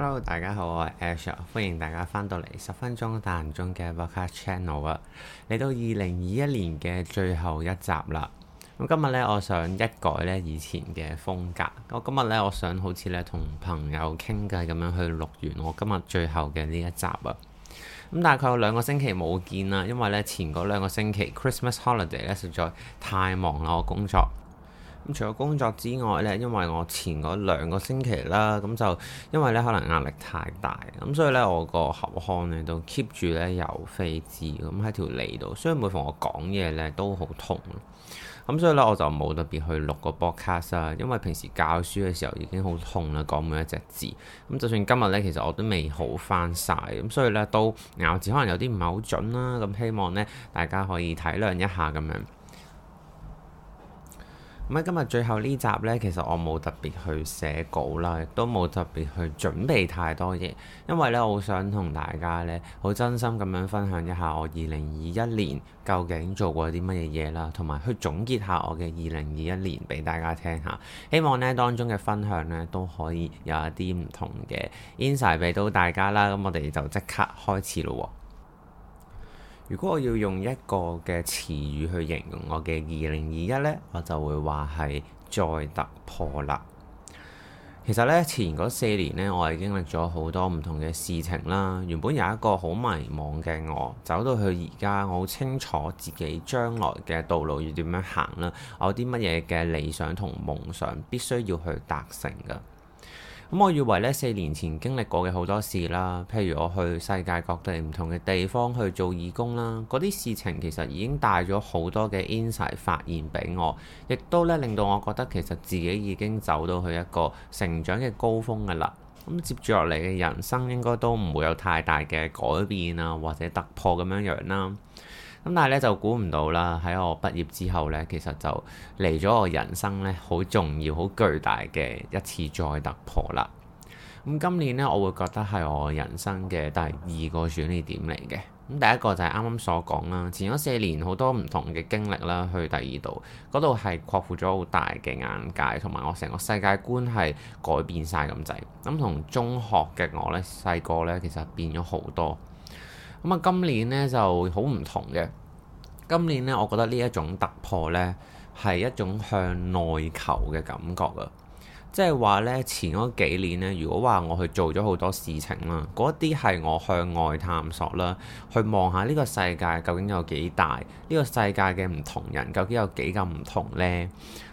Hello，大家好，我係 Ash，歡迎大家翻到嚟十分鐘大人中嘅 Podcast Channel 啊！嚟到二零二一年嘅最後一集啦。咁今日咧，我想一改咧以前嘅風格。我今日咧，我想好似咧同朋友傾偈咁樣去錄完我今日最後嘅呢一集啊。咁、嗯、大概兩個星期冇見啦，因為咧前嗰兩個星期 Christmas holiday 咧實在太忙啦，我工作。咁除咗工作之外呢，因為我前嗰兩個星期啦，咁就因為呢可能壓力太大，咁所以呢我個喉腔呢都 keep 住呢有飛滋，咁喺條脷度。所以每逢我講嘢呢都好痛，咁所以呢，我就冇特別去錄個 podcast 啦，因為平時教書嘅時候已經好痛啦，講每一隻字。咁就算今日呢，其實我都未好翻晒。咁所以呢，都咬字可能有啲唔係好準啦。咁希望呢，大家可以體諒一下咁樣。咁今日最後呢集呢，其實我冇特別去寫稿啦，亦都冇特別去準備太多嘢，因為呢，我好想同大家呢，好真心咁樣分享一下我二零二一年究竟做過啲乜嘢嘢啦，同埋去總結下我嘅二零二一年俾大家聽下。希望呢當中嘅分享呢，都可以有一啲唔同嘅 insight 俾到大家啦。咁我哋就即刻開始咯喎！如果我要用一個嘅詞語去形容我嘅二零二一呢，我就會話係再突破啦。其實呢，前嗰四年呢，我係經歷咗好多唔同嘅事情啦。原本有一個好迷茫嘅我，走到去而家，我好清楚自己將來嘅道路要點樣行啦。我有啲乜嘢嘅理想同夢想必須要去達成噶。咁、嗯、我以為咧，四年前經歷過嘅好多事啦，譬如我去世界各地唔同嘅地方去做義工啦，嗰啲事情其實已經帶咗好多嘅 insight 發現俾我，亦都咧令到我覺得其實自己已經走到去一個成長嘅高峰㗎喇。咁、嗯、接住落嚟嘅人生應該都唔會有太大嘅改變啊，或者突破咁樣樣啦。咁但係咧就估唔到啦，喺我畢業之後呢，其實就嚟咗我人生呢，好重要、好巨大嘅一次再突破啦。咁今年呢，我會覺得係我人生嘅第二個轉捩點嚟嘅。咁第一個就係啱啱所講啦，前咗四年好多唔同嘅經歷啦，去第二度嗰度係擴闊咗好大嘅眼界，同埋我成個世界觀係改變晒咁滯。咁同中學嘅我呢，細個呢，其實變咗好多。咁啊，今年咧就好唔同嘅。今年咧，我覺得呢一種突破咧，係一種向內求嘅感覺啊。即係話咧，前嗰幾年咧，如果話我去做咗好多事情啦，嗰啲係我向外探索啦，去望下呢個世界究竟有幾大，呢個世界嘅唔同人究竟有幾咁唔同呢。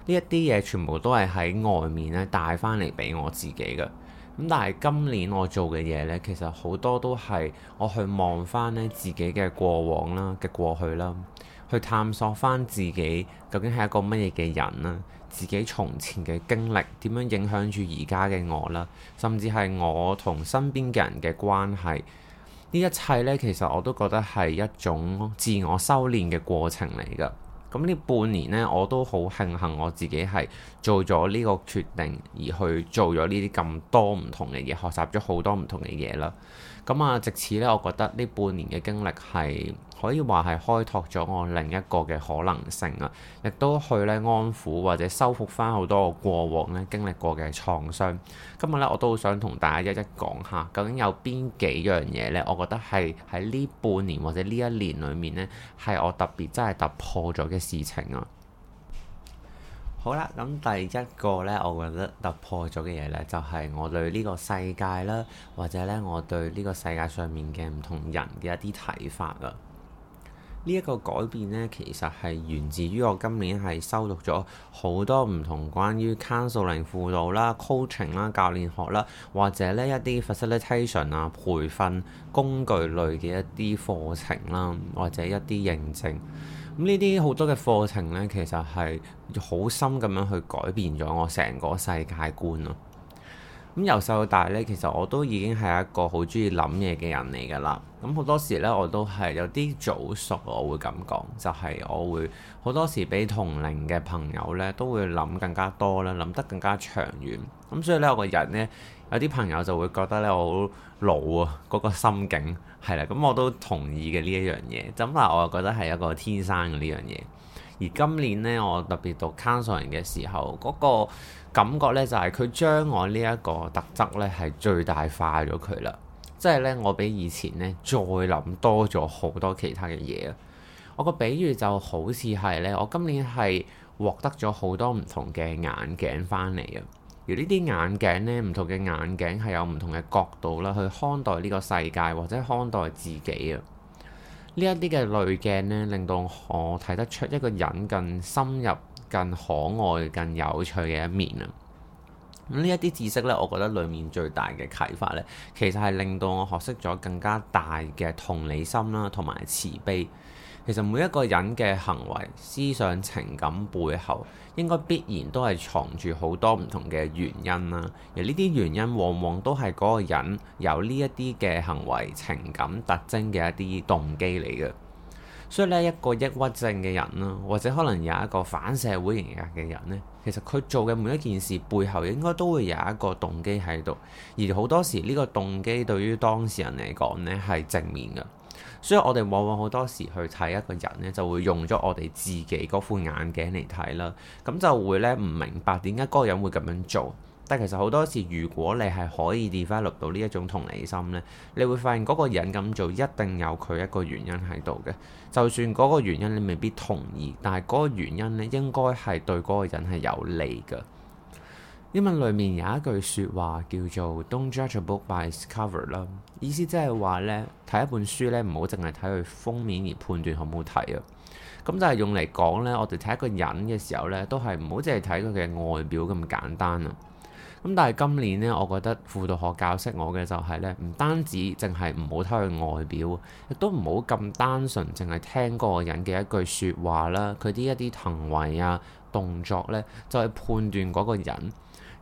呢一啲嘢全部都係喺外面咧帶翻嚟俾我自己嘅。咁但係今年我做嘅嘢呢，其實好多都係我去望翻呢自己嘅過往啦嘅過去啦，去探索翻自己究竟係一個乜嘢嘅人啦，自己從前嘅經歷點樣影響住而家嘅我啦，甚至係我同身邊嘅人嘅關係。呢一切呢，其實我都覺得係一種自我修煉嘅過程嚟㗎。咁呢半年呢，我都好慶幸我自己係做咗呢個決定，而去做咗呢啲咁多唔同嘅嘢，學習咗好多唔同嘅嘢啦。咁啊，直至呢，我覺得呢半年嘅經歷係，可以話係開拓咗我另一個嘅可能性啊，亦都去咧安撫或者修復翻好多我過往咧經歷過嘅創傷。今日咧我都好想同大家一一講下，究竟有邊幾樣嘢咧？我覺得係喺呢半年或者呢一年裏面咧，係我特別真係突破咗嘅事情啊。好啦，咁第一個咧，我覺得突破咗嘅嘢咧，就係我對呢個世界啦，或者咧我對呢個世界上面嘅唔同人嘅一啲睇法啊。呢一個改變咧，其實係源自於我今年係修讀咗好多唔同關於諮商輔導啦、coaching 啦、教練學啦，或者呢一啲 facilitation 啊、培訓工具類嘅一啲課程啦，或者一啲認證。咁呢啲好多嘅課程呢，其實係好深咁樣去改變咗我成個世界觀咯。咁由細到大咧，其實我都已經係一個好中意諗嘢嘅人嚟㗎啦。咁好多時咧，我都係有啲早熟，我會咁講，就係、是、我會好多時比同齡嘅朋友咧都會諗更加多啦，諗得更加長遠。咁所以咧，我個人咧有啲朋友就會覺得咧我好老啊，嗰、那個心境係啦。咁我都同意嘅呢一樣嘢。咁但係我覺得係一個天生嘅呢樣嘢。而今年呢，我特別讀 Counselling 嘅時候，嗰個感覺呢，就係佢將我呢一個特質呢係最大化咗佢啦。即係呢，我比以前呢再諗多咗好多其他嘅嘢啊！我個比喻就好似係呢，我今年係獲得咗好多唔同嘅眼鏡翻嚟啊。而呢啲眼鏡呢，唔同嘅眼鏡係有唔同嘅角度啦，去看待呢個世界或者看待自己啊。呢一啲嘅濾鏡呢，令到我睇得出一個人更深入、更可愛、更有趣嘅一面啊！咁呢一啲知識呢，我覺得裡面最大嘅啟發呢，其實係令到我學識咗更加大嘅同理心啦，同埋慈悲。其實每一個人嘅行為、思想、情感背後，應該必然都係藏住好多唔同嘅原因啦。而呢啲原因往往都係嗰個人有呢一啲嘅行為、情感特徵嘅一啲動機嚟嘅。所以呢，一個抑鬱症嘅人啦，或者可能有一個反社會人格嘅人呢，其實佢做嘅每一件事背後應該都會有一個動機喺度，而好多時呢個動機對於當事人嚟講呢，係正面嘅。所以我哋往往好多時去睇一個人呢，就會用咗我哋自己嗰副眼鏡嚟睇啦，咁就會咧唔明白點解嗰個人會咁樣做。但其實好多時，如果你係可以 develop 到呢一種同理心呢，你會發現嗰個人咁做一定有佢一個原因喺度嘅。就算嗰個原因你未必同意，但係嗰個原因呢應該係對嗰個人係有利嘅。英文裏面有一句説話叫做 "Don't judge a book by its cover" 啦，意思即係話咧睇一本書咧，唔好淨係睇佢封面而判斷好唔好睇啊。咁就係用嚟講咧，我哋睇一個人嘅時候咧，都係唔好淨係睇佢嘅外表咁簡單啊。咁但係今年咧，我覺得輔導學教識我嘅就係、是、咧，唔單止淨係唔好睇佢外表，亦都唔好咁單純淨係聽嗰個人嘅一句説話啦，佢啲一啲行為啊動作咧，就係判斷嗰個人。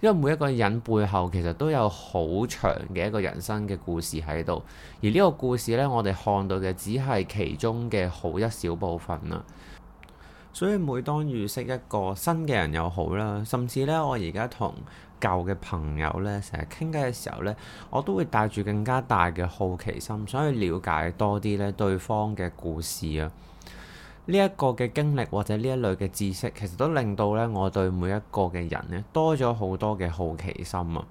因為每一個人背後其實都有好長嘅一個人生嘅故事喺度，而呢個故事呢，我哋看到嘅只係其中嘅好一小部分啦。所以每當遇識一個新嘅人又好啦，甚至呢，我而家同舊嘅朋友呢，成日傾偈嘅時候呢，我都會帶住更加大嘅好奇心，想去了解多啲呢對方嘅故事啊。呢一個嘅經歷或者呢一類嘅知識，其實都令到呢我對每一個嘅人呢，多咗好多嘅好奇心啊。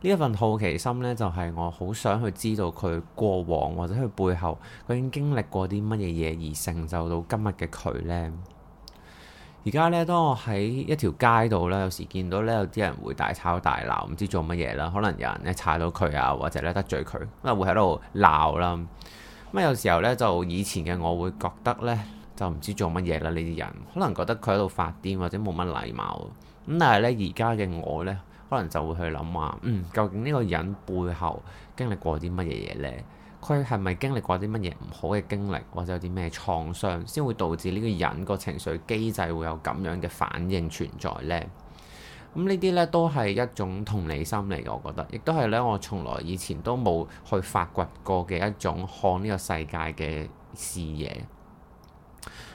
呢一份好奇心呢，就係、是、我好想去知道佢過往或者佢背後佢已經經歷過啲乜嘢嘢而成就到今日嘅佢呢。而家呢，當我喺一條街度呢，有時見到呢，有啲人會大吵大鬧，唔知做乜嘢啦。可能有人咧踩到佢啊，或者咧得罪佢咁啊，會喺度鬧啦。咁有時候呢，就以前嘅我會覺得呢。就唔知做乜嘢啦！呢啲人可能覺得佢喺度發癲或者冇乜禮貌咁，但係呢，而家嘅我呢，可能就會去諗話：嗯，究竟呢個人背後經歷過啲乜嘢嘢呢？佢係咪經歷過啲乜嘢唔好嘅經歷，或者有啲咩創傷，先會導致呢個人個情緒機制會有咁樣嘅反應存在呢？嗯，咁呢啲呢，都係一種同理心嚟嘅，我覺得，亦都係呢，我從來以前都冇去發掘過嘅一種看呢個世界嘅視野。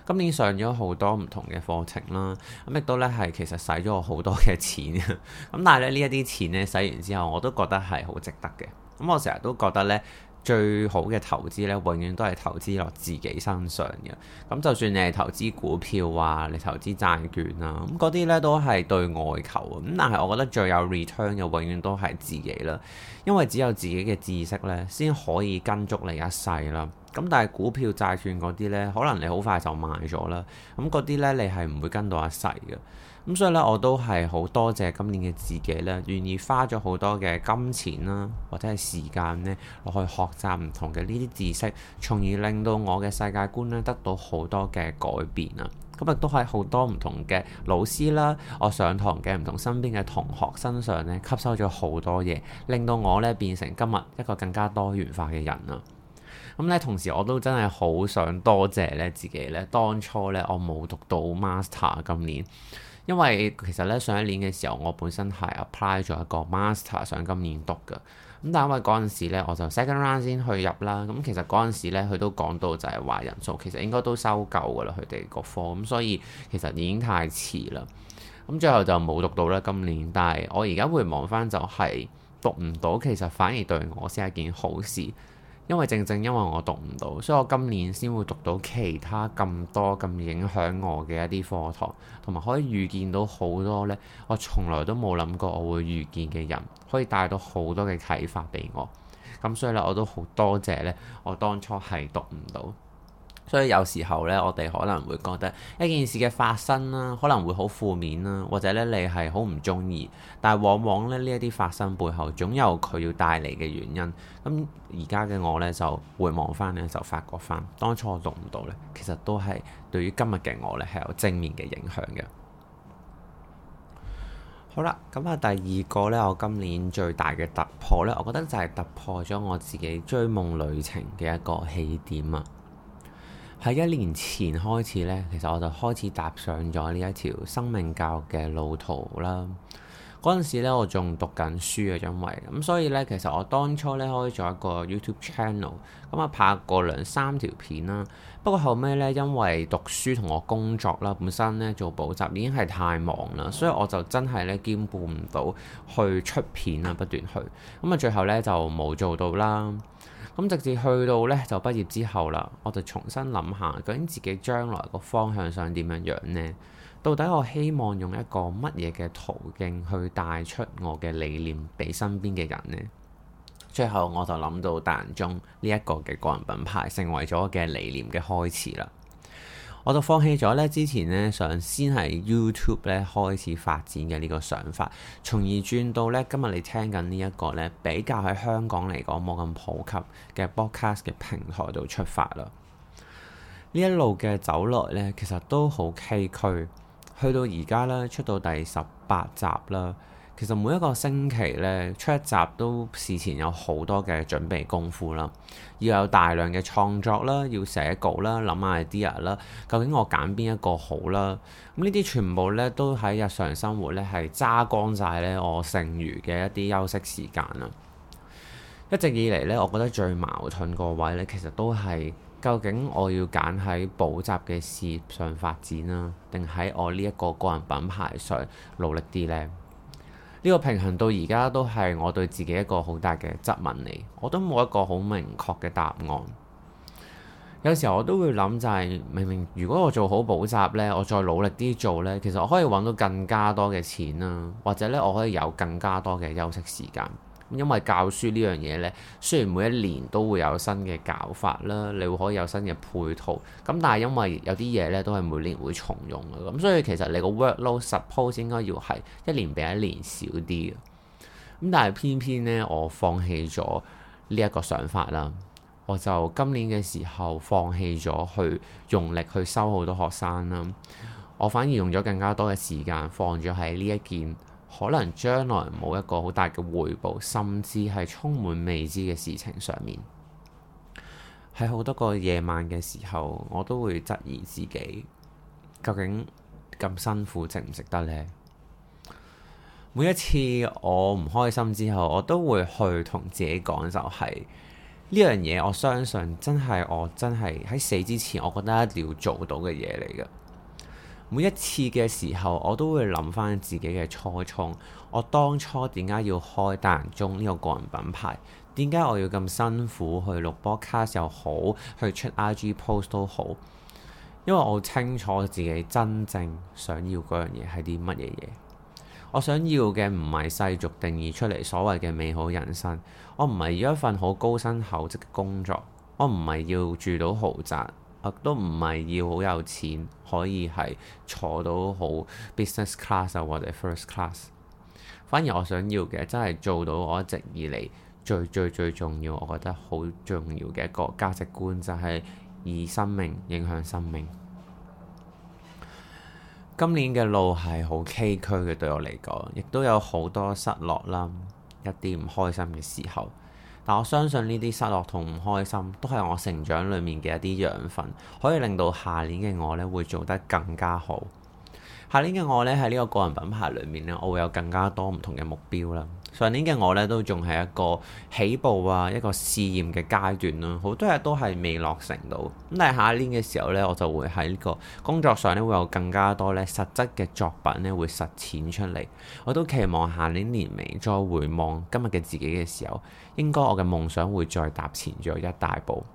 今年上咗好多唔同嘅課程啦，咁亦都咧係其實使咗我好多嘅錢，咁但係咧呢一啲錢咧使完之後，我都覺得係好值得嘅。咁我成日都覺得咧。最好嘅投資咧，永遠都係投資落自己身上嘅。咁就算你係投資股票啊，你投資債券啊，咁嗰啲咧都係對外求啊。咁但係我覺得最有 return 嘅，永遠都係自己啦。因為只有自己嘅知識咧，先可以跟足你一世啦。咁但係股票、債券嗰啲咧，可能你好快就賣咗啦。咁嗰啲咧，你係唔會跟到一世嘅。咁所以咧，我都係好多謝今年嘅自己咧，願意花咗好多嘅金錢啦，或者係時間咧，落去學習唔同嘅呢啲知識，從而令到我嘅世界觀咧得到好多嘅改變啊！咁亦都喺好多唔同嘅老師啦，我上堂嘅唔同身邊嘅同學身上咧，吸收咗好多嘢，令到我咧變成今日一個更加多元化嘅人啊！咁、嗯、咧，同時我都真係好想多謝咧自己咧，當初咧我冇讀到 Master，今年。因為其實咧上一年嘅時候，我本身係 apply 咗一個 master 上今年讀嘅，咁但係因為嗰陣時咧，我就 second round 先去入啦。咁其實嗰陣時咧，佢都講到就係話人數其實應該都收夠噶啦，佢哋個科，咁所以其實已經太遲啦。咁、嗯、最後就冇讀到啦今年，但係我而家會望翻就係讀唔到，其實反而對我先係一件好事。因為正正因為我讀唔到，所以我今年先會讀到其他咁多咁影響我嘅一啲課堂，同埋可以遇見到好多呢，我從來都冇諗過我會遇見嘅人，可以帶到好多嘅啟發俾我。咁所以咧，我都好多謝呢。我當初係讀唔到。所以有時候咧，我哋可能會覺得一件事嘅發生啦，可能會好負面啦，或者咧你係好唔中意。但係往往咧呢一啲發生背後，總有佢要帶嚟嘅原因。咁而家嘅我咧就回望翻咧，就發覺翻當初我讀唔到咧，其實都係對於今日嘅我咧係有正面嘅影響嘅。好啦，咁啊，第二個咧，我今年最大嘅突破咧，我覺得就係突破咗我自己追夢旅程嘅一個起點啊！喺一年前開始呢，其實我就開始踏上咗呢一條生命教育嘅路途啦。嗰陣時呢，我仲讀緊書啊，因為咁，所以呢，其實我當初呢，開咗一個 YouTube channel，咁啊拍過兩三條片啦。不過後尾呢，因為讀書同我工作啦，本身呢做補習已經係太忙啦，所以我就真係呢，兼顧唔到去出片啊，不斷去。咁啊，最後呢，就冇做到啦。咁直至去到呢，就畢業之後啦，我就重新諗下究竟自己將來個方向想點樣樣呢？到底我希望用一個乜嘢嘅途徑去帶出我嘅理念俾身邊嘅人呢？最後我就諗到大人中呢一個嘅個人品牌成為咗我嘅理念嘅開始啦。我就放棄咗咧，之前咧想先係 YouTube 咧開始發展嘅呢個想法，從而轉到咧今日你聽緊呢一個咧比較喺香港嚟講冇咁普及嘅 Podcast 嘅平台度出發啦。呢一路嘅走來咧，其實都好崎嶇，去到而家咧出到第十八集啦。其實每一個星期咧出一集都事前有好多嘅準備功夫啦，要有大量嘅創作啦，要寫稿啦，諗下 idea 啦，究竟我揀邊一個好啦？咁呢啲全部咧都喺日常生活咧係揸光晒咧我剩餘嘅一啲休息時間啦！一直以嚟咧，我覺得最矛盾個位咧，其實都係究竟我要揀喺補習嘅事業上發展啦，啊，定喺我呢一個個人品牌上努力啲呢？呢個平衡到而家都係我對自己一個好大嘅質問嚟，我都冇一個好明確嘅答案。有時候我都會諗，就係明明如果我做好補習呢，我再努力啲做呢，其實我可以揾到更加多嘅錢啦，或者呢，我可以有更加多嘅休息時間。因為教書呢樣嘢呢，雖然每一年都會有新嘅教法啦，你會可以有新嘅配套，咁但係因為有啲嘢呢都係每年會重用嘅，咁所以其實你個 workload suppose 應該要係一年比一年少啲嘅。咁但係偏偏呢，我放棄咗呢一個想法啦，我就今年嘅時候放棄咗去用力去收好多學生啦，我反而用咗更加多嘅時間放咗喺呢一件。可能將來冇一個好大嘅回報，甚至係充滿未知嘅事情上面，喺好多個夜晚嘅時候，我都會質疑自己究竟咁辛苦值唔值得呢？每一次我唔開心之後，我都會去同自己講，就係，就係呢樣嘢，我相信真係我真係喺死之前，我覺得一定要做到嘅嘢嚟嘅。每一次嘅時候，我都會諗翻自己嘅初衷。我當初點解要開大人中呢個個人品牌？點解我要咁辛苦去錄播卡又好，去出 IG post 都好？因為我清楚自己真正想要嗰樣嘢係啲乜嘢嘢。我想要嘅唔係世俗定義出嚟所謂嘅美好人生。我唔係要一份好高薪厚職嘅工作。我唔係要住到豪宅。都唔係要好有錢，可以係坐到好 business class 啊，或者 first class。反而我想要嘅，真係做到我一直以嚟最最最最重要，我覺得好重要嘅一個價值觀，就係以生命影響生命。今年嘅路係好崎嶇嘅，對我嚟講，亦都有好多失落啦，一啲唔開心嘅時候。但我相信呢啲失落同唔開心都係我成長裏面嘅一啲養分，可以令到下年嘅我咧會做得更加好。下年嘅我呢，喺呢個個人品牌裏面呢，我會有更加多唔同嘅目標啦。上年嘅我呢，都仲係一個起步啊，一個試驗嘅階段咯，啊，好多嘢都係未落成到。咁但係下一年嘅時候呢，我就會喺呢個工作上呢，會有更加多呢實質嘅作品呢會實踐出嚟。我都期望下年年尾再回望今日嘅自己嘅時候，應該我嘅夢想會再踏前咗一大步。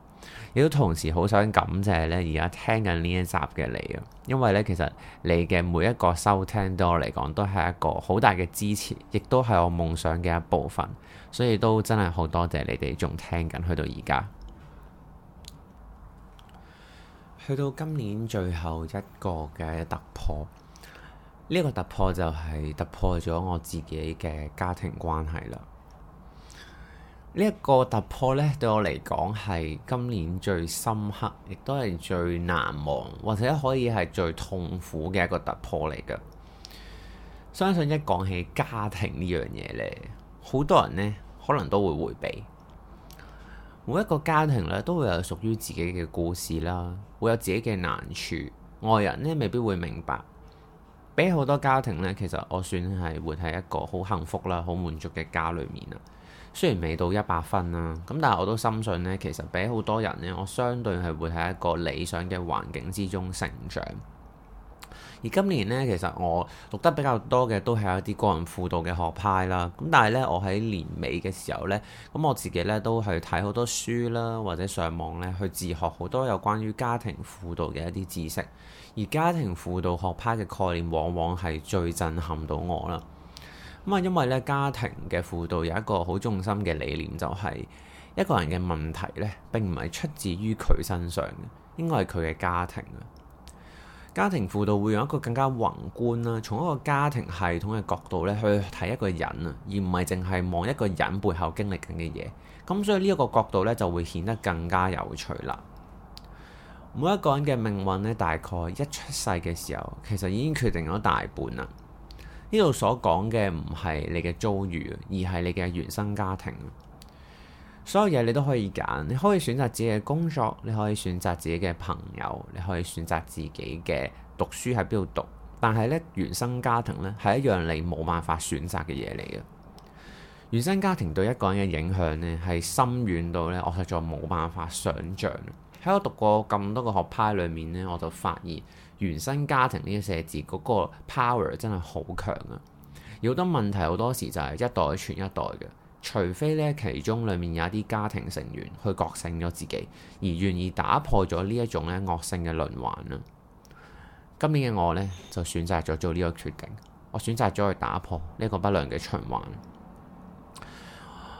亦都同時好想感謝咧，而家聽緊呢一集嘅你啊，因為咧其實你嘅每一個收聽對我嚟講都係一個好大嘅支持，亦都係我夢想嘅一部分，所以都真係好多謝你哋仲聽緊去到而家。去到今年最後一個嘅突破，呢一個突破就係突破咗我自己嘅家庭關係啦。呢一個突破咧，對我嚟講係今年最深刻，亦都係最難忘，或者可以係最痛苦嘅一個突破嚟㗎。相信一講起家庭呢樣嘢咧，好多人呢可能都會迴避。每一個家庭咧都會有屬於自己嘅故事啦，會有自己嘅難處，外人呢未必會明白。比好多家庭呢，其實我算係活喺一個好幸福啦、好滿足嘅家裏面啊。雖然未到一百分啦，咁但係我都深信呢，其實比起好多人呢，我相對係會喺一個理想嘅環境之中成長。而今年呢，其實我讀得比較多嘅都係一啲個人輔導嘅學派啦。咁但係呢，我喺年尾嘅時候呢，咁我自己呢，都係睇好多書啦，或者上網呢去自學好多有關於家庭輔導嘅一啲知識。而家庭輔導學派嘅概念往往係最震撼到我啦。咁啊，因為咧家庭嘅輔導有一個好重心嘅理念，就係一個人嘅問題咧，並唔係出自於佢身上，應該係佢嘅家庭啊。家庭輔導會用一個更加宏觀啦，從一個家庭系統嘅角度咧去睇一個人啊，而唔係淨係望一個人背後經歷緊嘅嘢。咁所以呢一個角度咧，就會顯得更加有趣啦。每一個人嘅命運咧，大概一出世嘅時候，其實已經決定咗大半啦。呢度所講嘅唔係你嘅遭遇，而係你嘅原生家庭。所有嘢你都可以揀，你可以選擇自己嘅工作，你可以選擇自己嘅朋友，你可以選擇自己嘅讀書喺邊度讀。但係咧，原生家庭咧係一樣你冇辦法選擇嘅嘢嚟嘅。原生家庭對一個人嘅影響呢係深遠到呢，我實在冇辦法想像。喺我讀過咁多個學派裡面呢，我就發現。原生家庭呢四字嗰個 power 真係好強啊！好多問題好多時就係一代傳一代嘅，除非咧其中裡面有一啲家庭成員去覺醒咗自己，而願意打破咗呢一種咧惡性嘅輪環啦。今年嘅我呢，就選擇咗做呢個決定，我選擇咗去打破呢個不良嘅循環。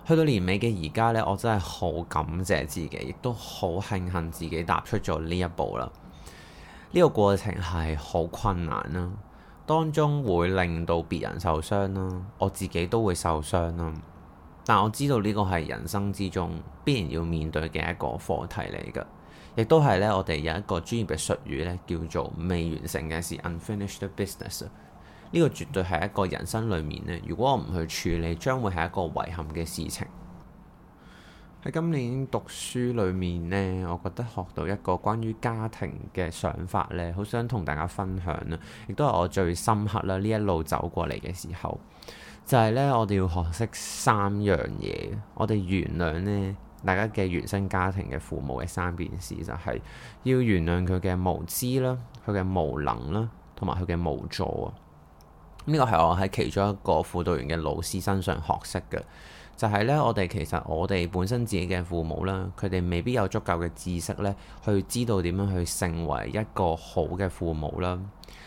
去到年尾嘅而家呢，我真係好感謝自己，亦都好慶幸自己踏出咗呢一步啦。呢個過程係好困難啦、啊，當中會令到別人受傷啦、啊，我自己都會受傷啦、啊。但我知道呢個係人生之中必然要面對嘅一個課題嚟㗎，亦都係呢，我哋有一個專業嘅術語呢，叫做未完成嘅事 （unfinished business）。呢個絕對係一個人生裏面呢，如果我唔去處理，將會係一個遺憾嘅事情。喺今年讀書裏面呢，我覺得學到一個關於家庭嘅想法呢，好想同大家分享啦，亦都係我最深刻啦。呢一路走過嚟嘅時候，就係呢：我哋要學識三樣嘢，我哋原諒呢，大家嘅原生家庭嘅父母嘅三件事，就係要原諒佢嘅無知啦、佢嘅無能啦、同埋佢嘅無助啊。呢個係我喺其中一個輔導員嘅老師身上學識嘅。就係呢，我哋其實我哋本身自己嘅父母啦，佢哋未必有足夠嘅知識呢，去知道點樣去成為一個好嘅父母啦。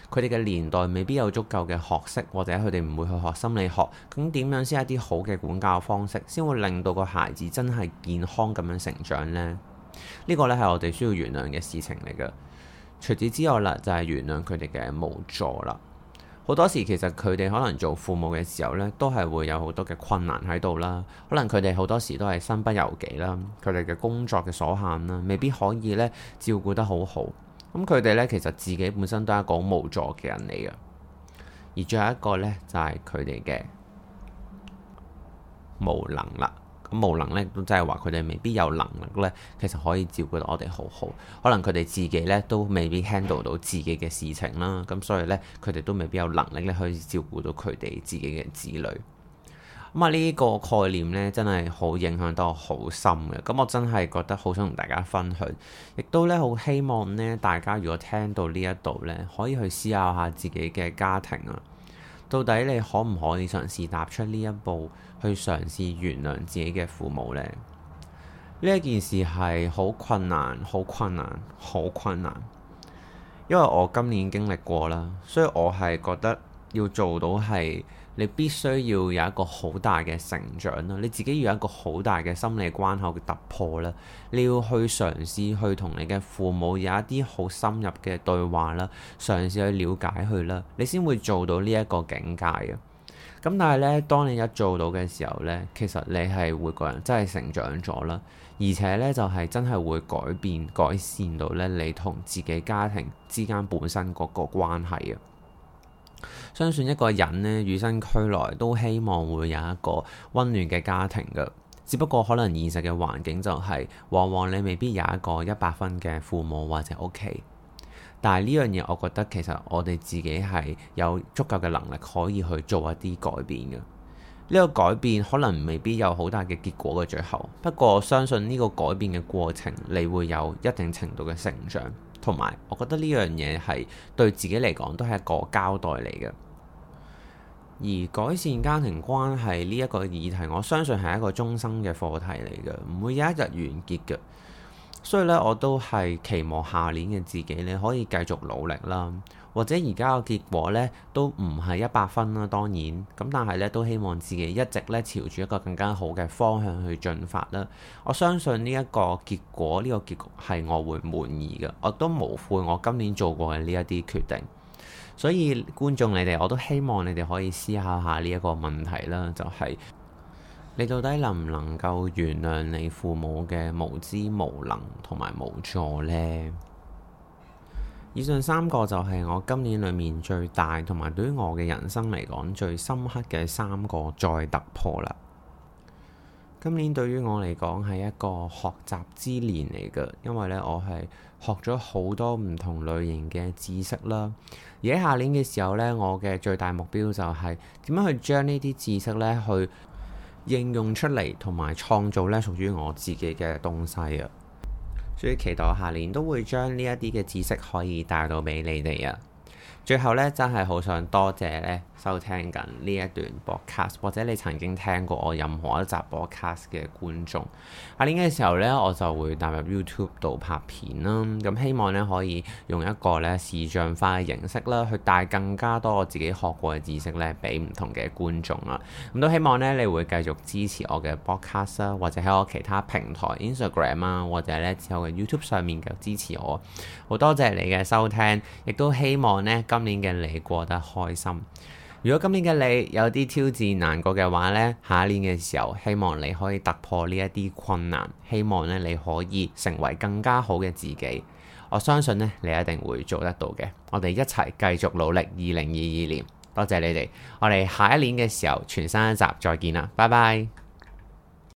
佢哋嘅年代未必有足夠嘅學識，或者佢哋唔會去學心理學。咁點樣先係一啲好嘅管教方式，先會令到個孩子真係健康咁樣成長呢？呢個呢係我哋需要原諒嘅事情嚟嘅。除此之外啦，就係原諒佢哋嘅無助啦。好多時其實佢哋可能做父母嘅時候呢，都係會有好多嘅困難喺度啦。可能佢哋好多時都係身不由己啦，佢哋嘅工作嘅所限啦，未必可以呢照顧得好好。咁佢哋呢，其實自己本身都係一個好無助嘅人嚟嘅，而最後一個呢，就係佢哋嘅無能啦。無能力都真係話佢哋未必有能力咧，其實可以照顧到我哋好好。可能佢哋自己咧都未必 handle 到自己嘅事情啦。咁所以咧，佢哋都未必有能力咧可以照顧到佢哋自己嘅子女。咁、嗯、啊，呢、呢個概念咧真係好影響到我好深嘅。咁我真係覺得好想同大家分享，亦都咧好希望呢大家如果聽到呢一度咧，可以去思考下自己嘅家庭啊，到底你可唔可以嘗試踏出呢一步？去嘗試原諒自己嘅父母呢，呢一件事係好困難、好困難、好困難，因為我今年經歷過啦，所以我係覺得要做到係你必須要有一個好大嘅成長啦，你自己要有一個好大嘅心理關口嘅突破啦，你要去嘗試去同你嘅父母有一啲好深入嘅對話啦，嘗試去了解佢啦，你先會做到呢一個境界啊！咁但係咧，當你一做到嘅時候咧，其實你係會個人真係成長咗啦，而且咧就係真係會改變改善到咧你同自己家庭之間本身嗰個關係啊。相信一個人呢，與生俱來都希望會有一個溫暖嘅家庭噶，只不過可能現實嘅環境就係，往往你未必有一個一百分嘅父母或者屋企。但係呢樣嘢，我覺得其實我哋自己係有足夠嘅能力可以去做一啲改變嘅。呢個改變可能未必有好大嘅結果嘅最後，不過我相信呢個改變嘅過程，你會有一定程度嘅成長。同埋，我覺得呢樣嘢係對自己嚟講都係一個交代嚟嘅。而改善家庭關係呢一個議題，我相信係一個終生嘅課題嚟嘅，唔會有一日完結嘅。所以咧，我都係期望下年嘅自己咧，可以繼續努力啦。或者而家嘅結果咧，都唔係一百分啦。當然，咁但係咧，都希望自己一直咧朝住一個更加好嘅方向去進發啦。我相信呢一個結果，呢個結局係我會滿意嘅。我都無悔我今年做過嘅呢一啲決定。所以觀眾你哋，我都希望你哋可以思考下呢一個問題啦，就係。你到底能唔能夠原諒你父母嘅無知無能同埋無助呢？以上三個就係我今年裏面最大同埋對於我嘅人生嚟講最深刻嘅三個再突破啦。今年對於我嚟講係一個學習之年嚟㗎，因為呢，我係學咗好多唔同類型嘅知識啦。而喺下年嘅時候呢，我嘅最大目標就係點樣去將呢啲知識呢去。應用出嚟同埋創造咧，屬於我自己嘅東西啊！所以期待下年都會將呢一啲嘅知識可以帶到俾你哋啊！最後呢，真係好想多謝咧～收聽緊呢一段 podcast 或者你曾經聽過我任何一集 podcast 嘅觀眾，下年嘅時候呢，我就會踏入 YouTube 度拍片啦。咁希望呢可以用一個咧視像化嘅形式啦，去帶更加多我自己學過嘅知識呢俾唔同嘅觀眾啦。咁都希望呢，你會繼續支持我嘅 podcast 或者喺我其他平台 Instagram 啊，或者呢之後嘅 YouTube 上面嘅支持我。好多謝你嘅收聽，亦都希望呢今年嘅你過得開心。如果今年嘅你有啲挑戰難過嘅話呢，下一年嘅時候希望你可以突破呢一啲困難，希望咧你可以成為更加好嘅自己。我相信呢，你一定會做得到嘅。我哋一齊繼續努力。二零二二年，多謝你哋。我哋下一年嘅時候，全新一集再見啦，拜拜。